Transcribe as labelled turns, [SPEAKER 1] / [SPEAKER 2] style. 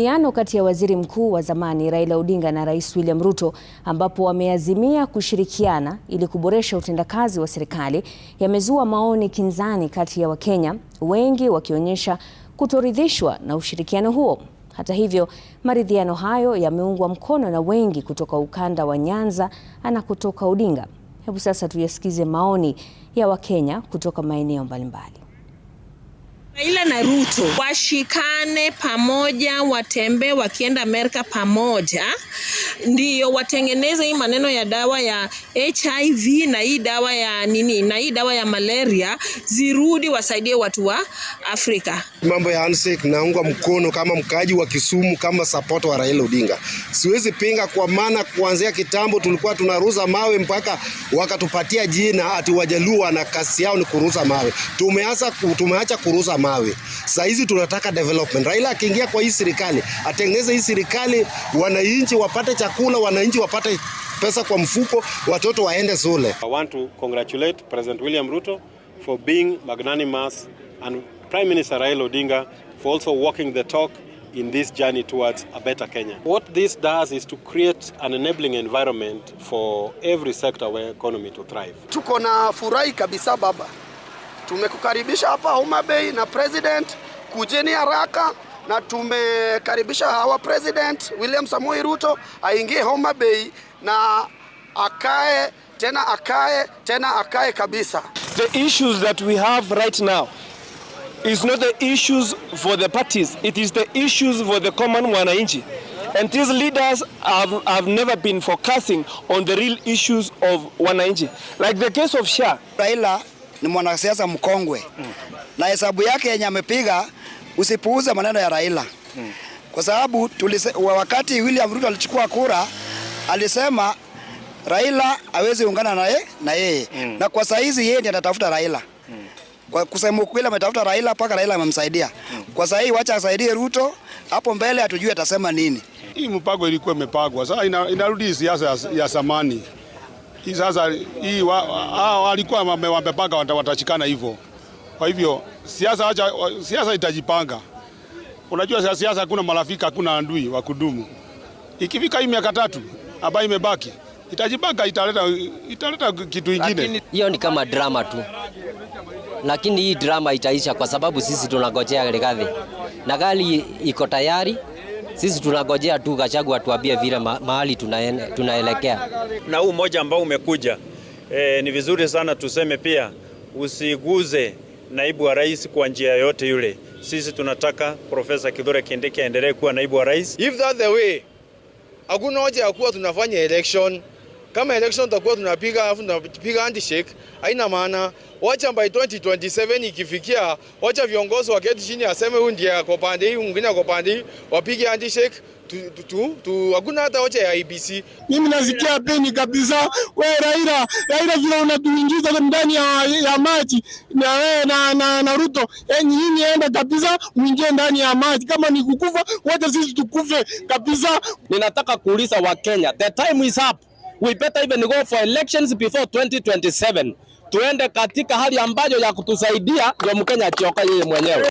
[SPEAKER 1] makubaliano kati ya waziri mkuu wa zamani Raila Odinga na Rais William Ruto ambapo wameazimia kushirikiana ili kuboresha utendakazi wa serikali yamezua maoni kinzani kati ya Wakenya, wengi wakionyesha kutoridhishwa na ushirikiano huo. Hata hivyo, maridhiano hayo yameungwa mkono na wengi kutoka ukanda wa Nyanza ana kutoka Odinga. Hebu sasa tuyasikize maoni ya Wakenya kutoka maeneo mbalimbali.
[SPEAKER 2] Raila na Ruto washikane pamoja, watembee wakienda Amerika pamoja ndio watengeneze hii maneno ya dawa ya HIV na hii dawa ya nini na hii dawa ya malaria zirudi, wasaidie watu wa Afrika.
[SPEAKER 3] Mambo ya handshake naunga mkono kama mkaaji wa Kisumu, kama support wa Raila Odinga siwezi pinga, kwa maana kuanzia kitambo tulikuwa tunaruza mawe mpaka wakatupatia jina ati Wajaluo na kasi yao ni kuruza mawe. Tumeacha, tumeacha kuruza mawe. Saa hizi tunataka development. Raila akiingia kwa hii serikali, atengeze hii serikali, wananchi wapate chakula, wananchi wapate pesa kwa mfuko, watoto waende shule.
[SPEAKER 4] I want to congratulate President William Ruto for being magnanimous and Prime Minister Raila Odinga for also walking the talk in this journey towards a better Kenya. What this does is to create an enabling environment for every sector of economy to thrive.
[SPEAKER 5] Tuko na furahi kabisa baba Tumekukaribisha hapa Homa Bay na president, kujeni haraka na tumekaribisha hawa president William Samoei Ruto aingie Homa Bay na akae tena, akae tena, akae kabisa.
[SPEAKER 6] The issues that we have right now is not the issues for the parties, it is the issues for the common mwananchi. And these leaders have, have never been focusing on the real issues of wananchi. Like the case of Sha
[SPEAKER 7] Raila ni mwanasiasa mkongwe na hesabu yake yenye amepiga, usipuuze maneno ya Raila kwa sababu tulise, wakati William Ruto alichukua kura alisema Raila awezi ungana naye na yeye mm. na kwa saizi yeye ndiye anatafuta Raila mm. kwa kusema kweli ametafuta Raila mpaka Raila amemsaidia mm. kwa saizi, wacha asaidie Ruto hapo mbele, hatujui atasema nini.
[SPEAKER 8] Hii mpango ilikuwa imepagwa, sasa inarudi siasa ya, ya hii sasa hii walikuwa wamepanga watashikana hivyo. Kwa hivyo siasa, acha siasa itajipanga. Unajua siasa hakuna marafiki, hakuna andui wa kudumu. Ikifika hii miaka tatu ambayo imebaki itajipanga, italeta, italeta kitu kingine.
[SPEAKER 9] Hiyo ni kama drama tu, lakini hii drama itaisha kwa sababu sisi tunangojea gari, na gari iko tayari. Sisi tunagojea tu Gachagua atuambie vile mahali tunaelekea.
[SPEAKER 10] Na huu moja ambao umekuja e, ni vizuri sana tuseme pia usiguze naibu wa rais kwa njia yote yule. Sisi tunataka Profesa Kithure Kindiki aendelee kuwa naibu wa rais.
[SPEAKER 11] If that the way, hakuna hoja ya kuwa tunafanya election kama election tutakuwa tunapiga alafu tunapiga handshake, haina maana. Wacha by 2027 ikifikia, wacha viongozi waketi chini, aseme huyu ndiye ako pande hii, mwingine ako pande hii, wapige handshake tu, tu, tu, hakuna hata hoja ya IBC.
[SPEAKER 12] Mimi nasikia peni kabisa. We Raila, Raila vile unatuingiza ndani ya, ya maji na wewe na, na, na Ruto, enyi nyinyi enda kabisa, mwingie ndani ya maji. Kama ni kukufa wote sisi tukufe kabisa.
[SPEAKER 13] Ninataka kuuliza wa Kenya, the time is up we better even go for elections before 2027. Tuende katika hali ambayo ya kutusaidia ndio Mkenya akioka yeye mwenyewe.